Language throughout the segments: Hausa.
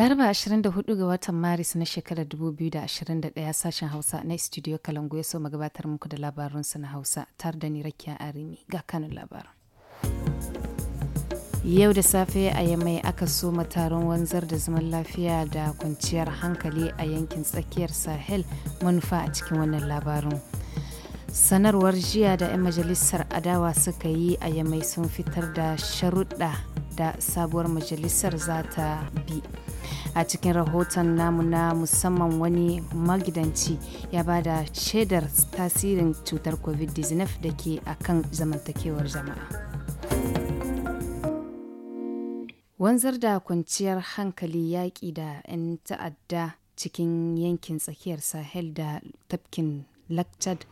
Laraba 24 ga watan Maris na shekarar 2021 sashen Hausa na Studio Kalangu ya so magabatar muku da labarunsa na Hausa tar da ni Rakiya Arimi ga kanun labarun. Yau da safe a Yamai aka soma taron wanzar da zaman lafiya da kwanciyar hankali a yankin tsakiyar Sahel manufa a cikin wannan labarun Sanarwar jiya da 'yan majalisar adawa suka yi a Yamai sun fitar da sharuɗa da sabuwar majalisar za ta bi. a cikin rahoton namu na musamman wani magidanci ya ba da shaidar tasirin cutar covid-19 da ke akan zamantakewar jama'a. wanzar da kwanciyar hankali yaƙi da 'yan ta'adda cikin yankin tsakiyar sahel da tafkin lakchad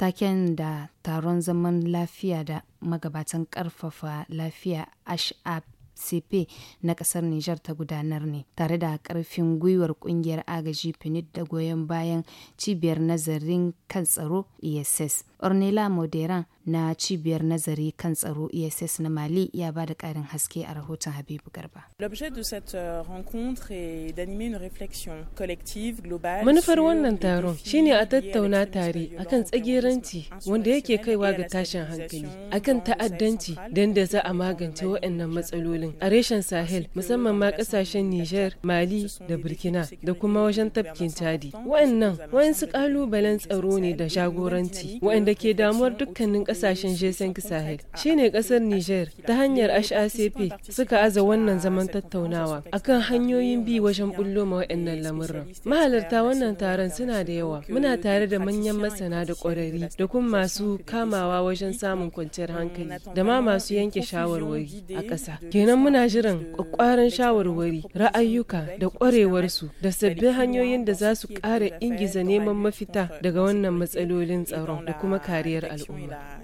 taken da taron zaman lafiya da magabatan karfafa lafiya ashab cp na kasar niger ta gudanar ne tare da karfin gwiwar kungiyar agaji pinit da goyon bayan cibiyar nazarin kan tsaro ess ornella moderan na cibiyar nazari kan tsaro ess na mali ya ba da ƙarin haske a rahoton habibu garba euh, manufar wannan taron shine a tattauna tare akan tsagiranci wanda yake kaiwa ga tashin hankali akan ta'addanci don da za a magance waɗannan matsalolin a reshen sahel musamman ma ƙasashen niger mali da burkina da kuma wajen tafkin chadi waɗannan waɗansu ƙalubalen tsaro ne da jagoranci waɗanda da ke damuwar dukkanin kasashen g Sahel shine kasar Niger ta hanyar HACP suka aza wannan zaman tattaunawa a kan hanyoyin bi wajen bullo ma waɗannan lamurran. Mahalarta wannan taron suna da yawa. Muna tare da manyan masana da kwarari da kuma masu kamawa wajen samun kwanciyar hankali da ma masu yanke shawarwari a ƙasa. Kenan muna jiran kwakwaran shawarwari, ra'ayyuka da ƙwarewarsu da sabbin hanyoyin da za su ƙara ingiza neman mafita daga wannan matsalolin tsaro da kuma kariyar al'umma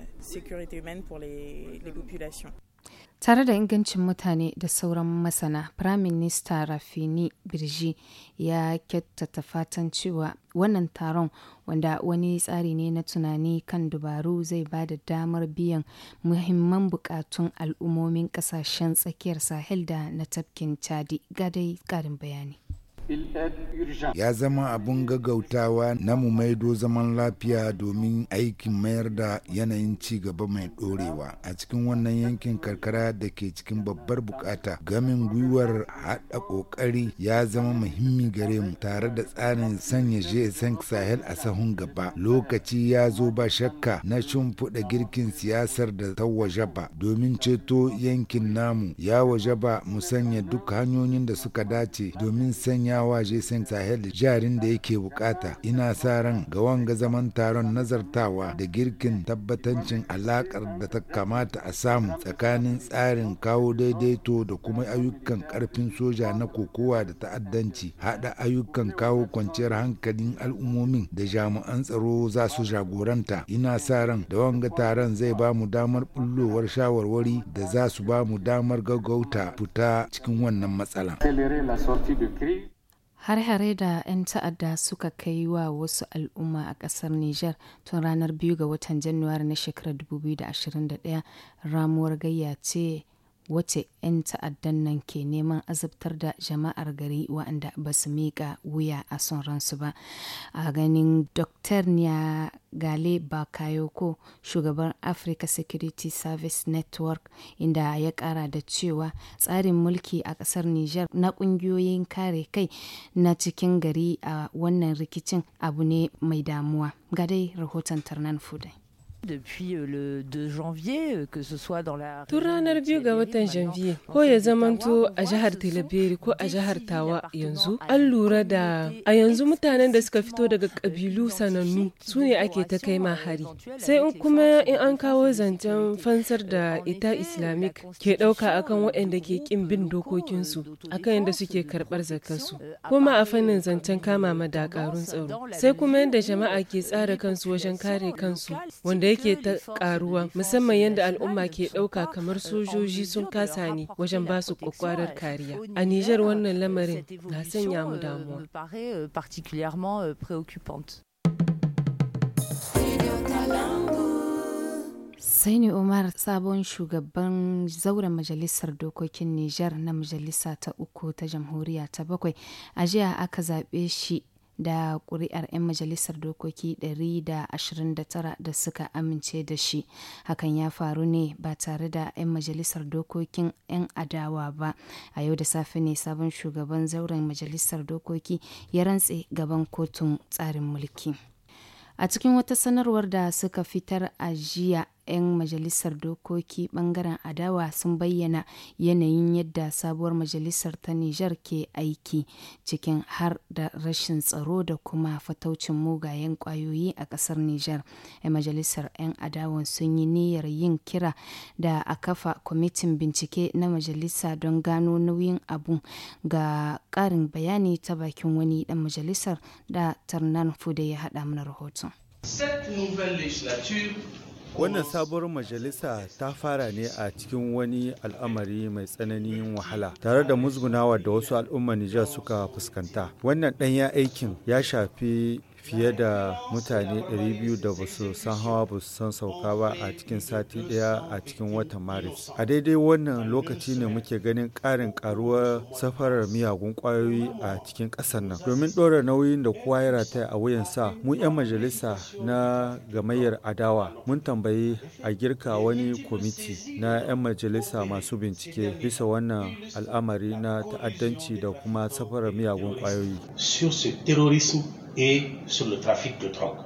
tare da ingancin mutane da sauran masana firaminista rafini birji ya kyautata fatan cewa wannan taron wanda wani tsari ne na tunani kan dubaru zai ba da damar biyan muhimman bukatun al'ummomin kasashen tsakiyar sahel da na tafkin chadi gadai karin bayani Ya zama abun gaggautawa na mu maido zaman lafiya domin aikin mayar da yanayin ci gaba mai ɗorewa a cikin wannan yankin karkara da ke cikin babbar bukata. Gamin gwiwar haɗa ƙoƙari ya zama muhimmi gare mu tare da tsarin sanya jesan Sahel a sahun gaba. Lokaci ya zo ba shakka na shimfiɗa girkin siyasar da ta wajaba domin ceto yankin namu ya wajaba mu sanya duk hanyoyin da suka dace domin sanya waje wa jason sahel jarin da yake bukata ina sa ran ga wanga zaman taron nazartawa da girkin tabbatancin alakar da ta kamata a samu tsakanin tsarin kawo daidaito da kuma ayyukan karfin soja na kokowa da ta'addanci hada ayyukan kawo kwanciyar hankalin al'ummomin da jami'an tsaro za su jagoranta ina sa ran da wanga taron zai ba mu damar bullowar shawarwari da za su ba mu damar gaggauta fita cikin wannan matsala. Har-hare da 'yan ta'adda suka kai wa wasu al'umma a kasar niger tun ranar biyu ga watan januwari na shekarar 2021 ramuwar gayya ce wace 'yan ta'addan nan ke neman azabtar da jama'ar gari waɗanda ba su miƙa wuya a son ransu ba a ganin dr nya gale bakayoko shugaban africa security service network inda ya kara da cewa tsarin mulki a kasar niger na kungiyoyin kare kai na cikin gari a wannan rikicin abu ne mai damuwa ga dai rahoton tarnan fudai depuis euh, euh, tun ranar biyu ga watan janvier ko ya zamanto a jihar talabiri ko a jihar tawa yanzu an lura da a yanzu mutanen da suka fito daga euh, kabilu sanannu su ne ake ta kai ma hari sai in kuma in an kawo zancen fansar da ita islamic ke dauka akan waɗanda ke kin bin dokokinsu akan yadda suke karɓar zakarsu kuma a fannin zancen kama madakarun tsaro sai kuma yadda jama'a ke tsara kansu wajen kare kansu wanda da yake ta karuwa musamman yadda al'umma ke ɗauka kamar sojoji sun kasa ni wajen ba su kwakwarar kariya. A Nijar wannan lamarin na sanya mu damuwa. Euh, euh, euh, Saini Umar sabon shugaban zauren majalisar dokokin Nijar na majalisa ta uku ta jamhuriya ta bakwai a jiya aka zaɓe shi da ƙuri'ar 'yan majalisar dokoki 129 da suka amince da shi hakan ya faru ne ba tare da 'yan majalisar dokokin 'yan adawa ba a yau da safe ne sabon shugaban zauren majalisar dokoki ya rantse gaban kotun tsarin mulki a cikin wata sanarwar da suka fitar a jiya 'yan majalisar dokoki bangaren adawa sun bayyana yanayin yadda sabuwar majalisar ta Nijar ke aiki cikin har da rashin tsaro da kuma fataucin mugayen kwayoyi a kasar Nijar. 'yan majalisar 'yan adawan sun yi niyyar yin kira da a kafa kwamitin bincike na majalisa don gano nauyin abun ga karin bayani ta bakin wani dan majalisar da Tarnan Fude ya haɗa mana rahoton. Wannan sabuwar majalisa ta fara ne a cikin wani al'amari mai tsananin wahala tare da musgunawa da wasu al'ummar Nijar suka fuskanta. Wannan ɗanya aikin ya shafi fiye da mutane 200 da basu san hawa ba su san sauka ba a cikin sati daya a cikin watan maris a daidai wannan lokaci ne muke ganin karin karuwar safarar miyagun kwayoyi a cikin kasar nan domin ɗora nauyin da kowa ya rataya a wuyan sa, mu 'yan majalisa na gamayyar adawa mun tambayi a girka wani kwamiti na 'yan majalisa masu bincike bisa wannan al'amari na ta'addanci da kuma safarar miyagun kwayoyi et eh, sur le trafic de drogue.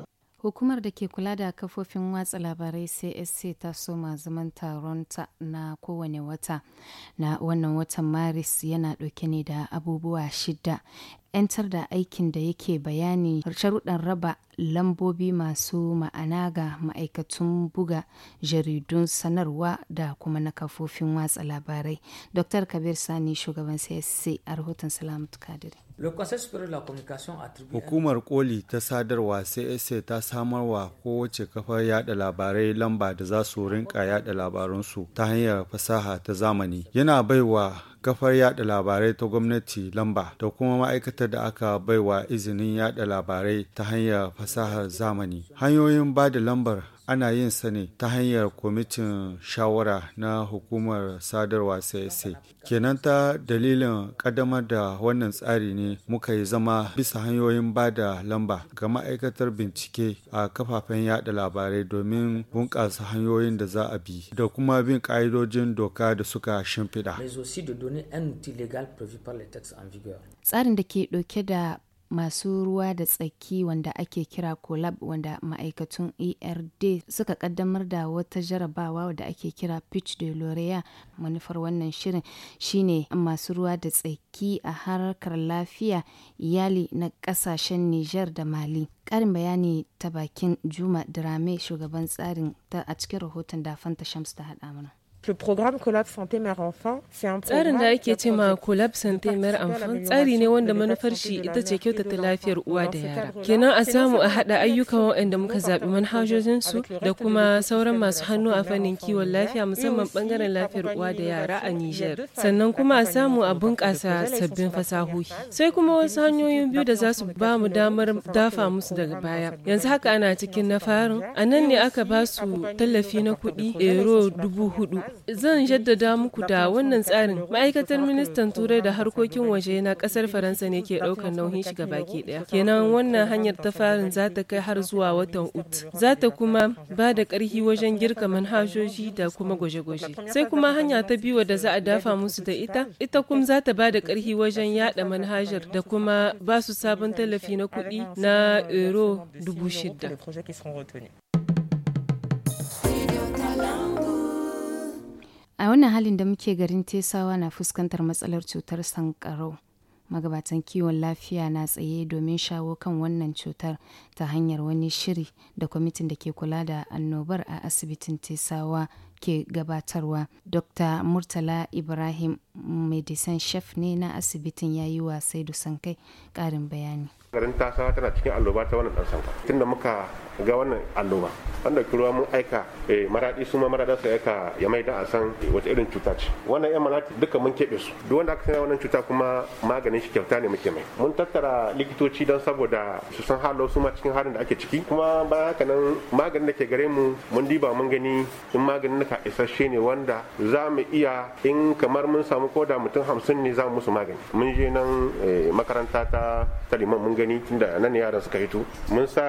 Hukumar da ke kula da kafofin watsa labarai CSC ta soma zaman taronta na kowane wata na wannan watan Maris yana ɗauke ne da abubuwa shida 'yantar da aikin da yake bayani sharuɗan raba lambobi masu ma'ana ga ma'aikatun buga jaridun sanarwa da kuma na kafofin watsa labarai dr kabir sani shugaban csc a rahoton salamatu kadiri hukumar koli ta sadarwa csc ta samarwa kowace kafar yada labarai lamba da za su rinka yada labaransu ta hanyar fasaha ta zamani yana baiwa kafar yada labarai ta gwamnati lamba da kuma ma'aikatar da aka baiwa izinin yada labarai ta hanyar fasahar zamani hanyoyin ba da lambar ana yin sa ne ta hanyar kwamitin shawara na hukumar sadarwa CSA. Kenan ta dalilin ƙaddamar da wannan tsari ne muka yi zama bisa hanyoyin ba da lamba ga ma'aikatar bincike a kafafen yada labarai domin bunƙasa hanyoyin da za a bi da kuma bin ƙa'idojin doka da suka shimfiɗa. Tsarin da ke ɗauke da masu ruwa da tsaki wanda ake kira colab wanda ma'aikatun erd suka kaddamar da wata jarabawa da ake kira pitch de lorea manufar wannan shirin shine masu ruwa da tsaki a harkar lafiya iyali na kasashen niger da mali karin bayani ta bakin juma drame shugaban tsarin ta a cikin rahoton da fanta shams ta hada mana Le programme Tsarin da ake ce ma Collab Santé Mère Enfant tsari ne wanda manufar shi ita ce kyautata lafiyar uwa da yara. Kenan a samu a haɗa ayyukan waɗanda muka zaɓi manhajojin su da kuma sauran masu hannu a fannin kiwon lafiya musamman bangaren lafiyar uwa da yara a Nijar. Sannan kuma a samu a bunƙasa sabbin fasahohi. Sai kuma wasu hanyoyin biyu da za su ba mu damar dafa musu daga baya. Yanzu haka ana cikin na farin, a nan ne aka ba su tallafi na kuɗi ero dubu hudu Zan jaddada muku da wannan tsarin ma'aikatar ministan turai da harkokin waje na kasar Faransa ne ke ɗaukar nauyin shiga baki ɗaya. Kenan wannan hanyar ta farin za ta kai har zuwa watan Ut. Za ta kuma ba da ƙarhi wajen girka manhajoji da kuma gwaje-gwaje. Sai kuma hanya ta biyu da za a dafa musu da ita, ita kum za ta ba da karhi wajen yada manhajar da kuma ba su sabon tallafi na kuɗi na euro dubu shida. a wannan halin da muke garin tesawa na fuskantar matsalar cutar sankarau magabatan kiwon lafiya na tsaye domin shawo kan wannan cutar ta hanyar wani shiri da kwamitin da ke kula da annobar a asibitin tesawa ke gabatarwa dr murtala ibrahim medicine chef ne na asibitin ya yi wa saidu sankai karin bayani garin tasawa tana cikin alloba ta wannan dan sanka tunda muka ga wannan alloba wanda kuruwa mun aika eh, maraɗi su ma marada su aika ya mai da a san eh, wata irin cuta ce wannan yan malati duka mun keɓe su duk wanda aka sanya wannan cuta kuma maganin shi kyauta ne muke mai mun tattara likitoci don saboda su san halo su ma cikin halin da ake ciki kuma bayan haka nan maganin da ke gare mu mun diba mun gani in maganin ka isasshe ne wanda za mu iya in kamar mun samu koda mutum hamsin ne za mu musu magani mun je nan eh, makaranta ta taliman mun gani tunda nan yaran suka hito mun sa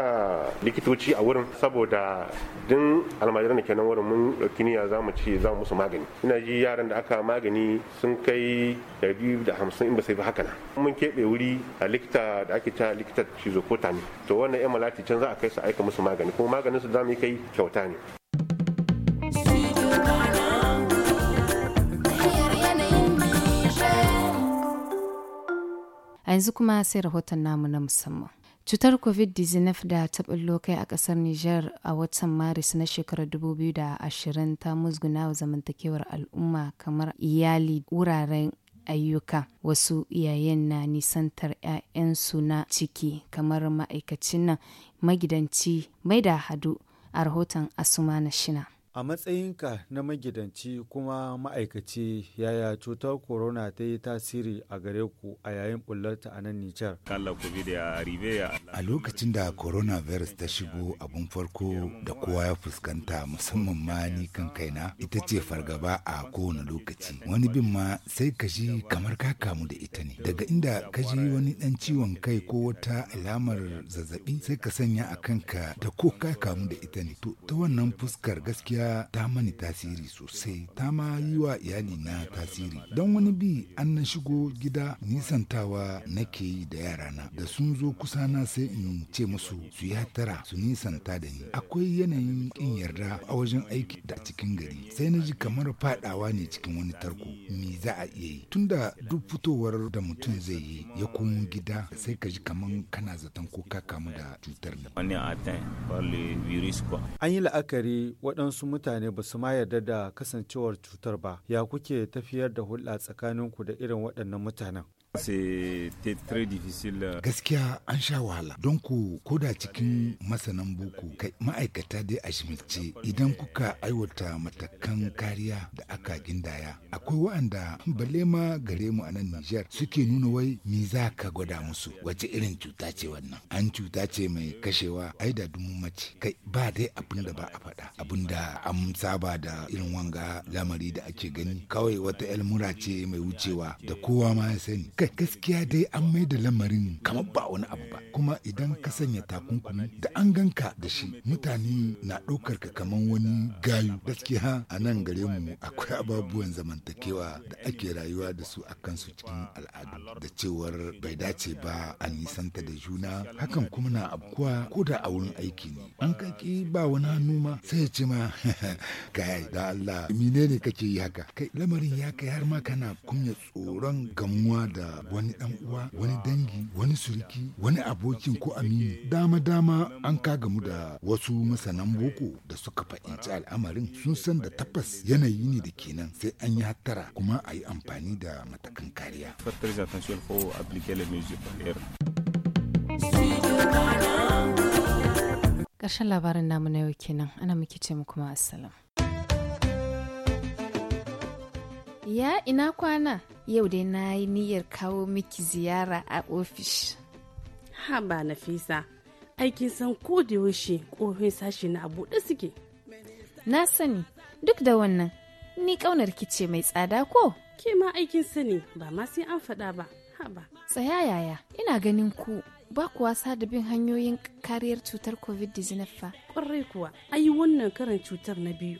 likitoci likitoci a wurin saboda din almajiran da ke nan wurin mun ɗauki niyya za mu ce za mu musu magani ina ji yaran da aka magani sun kai 250 in ba sai ba haka nan mun keɓe wuri a likita da ake ta likitar ne to wannan yan malati can za a kai su aika musu magani kuma maganin su za mu yi kai kyauta ne a yanzu kuma sai rahoton namu na musamman Cutar COVID-19 da ta lokai kai a ƙasar Nijar a watan Maris na shekarar 2020 ta musguna wa zamantakewar al'umma kamar iyali wuraren ayyuka wasu iyayen na nisantar 'ya'yansu na ciki kamar ma'aikacin nan magidanci mai da hadu a rahoton asuma na shina. A matsayinka na magidanci kuma ma'aikaci yaya cutar corona ta yi tasiri a gare ku a yayin bullarta a nan Nijar? A lokacin da coronavirus ta shigo abun farko da kowa ya fuskanta musamman ma ni kan kaina ita ce fargaba a kowane lokaci. Wani bin ma sai ka ji kamar ka kamu da ita ne. Daga inda ka ji wani dan ciwon kai ko wata alamar zazzabi sai ka sanya a kanka da ko ka kamu da ita ne. To ta wannan fuskar gaskiya ga ta mani tasiri sosai ta ma yi wa iyali na tasiri don wani bi an na shigo gida nisantawa nake yi da yarana da sun zo kusa na sai in ce musu su yi tara su nisanta da ni akwai yanayin kin yarda a wajen aiki da cikin gari sai na ji kamar fadawa ne cikin wani tarko me za a iya yi tunda duk fitowar da mutum zai yi ya komo gida sai ka ji kamar kana zaton ko ka kamu da cutar ne an yi la'akari waɗansu mutane ba su ma yarda da kasancewar cutar ba, ya kuke tafiyar da hulɗa tsakaninku da irin waɗannan mutanen? Euh. Gaskiya an sha wahala don ku koda cikin masanan boko kai ma'aikata dai a shimilce idan kuka aiwata matakan kariya da aka gindaya. Akwai wa'anda balle ma gare mu a nan Nijar suke nuna wai me za ka gwada musu wace irin cuta ce wannan. An cuta ce mai kashewa ai da dumu mace kai ba dai abin da ba a faɗa abin da an saba da irin wanga lamari da ake gani kawai wata mura ce mai wucewa da kowa ma ya sani. Kai gaskiya dai an mai da lamarin kamar ba wani abu ba. Kuma idan ka sanya takunkumi da an ganka da shi mutane na ɗaukar ka kamar wani gayu. Gaskiya a nan gare mu akwai ababuwan zamantakewa da ake rayuwa da su a kansu cikin al'adu da cewar bai dace ba a nisanta da juna hakan kuma na abkuwa ko da a wurin aiki ne. An kaki ba wani hannu ma sai ya ce ma kai da Allah menene kake yi haka kai lamarin ya kai har ma kana kunya tsoron gamuwa da wani dan uwa wani dangi wani suriki wani abokin ko amini dama dama an ka gamu da wasu masanan boko da suka fahimci al'amarin sun san da tabbas yanayi ne da kenan sai an yi hattara kuma a yi amfani da matakan kariya. Ƙarshen labarin namu na yau kenan ana muke ce mu kuma assalam. Ya ina kwana? yau dai na yi niyyar kawo miki ziyara a ofis. Ha ba Nafisa, aikin san ko da yaushe ƙofin sashi na buɗe suke. Na sani, duk da wannan, ni ƙaunar kice mai tsada ko? Ke ma aikin sani ba ma sai an faɗa ba, ha Tsaya yaya, ina ganin ku ba kuwa sada bin hanyoyin kariyar cutar COVID-19 fa. Ƙwarai kuwa, ayi wannan karin cutar na biyu.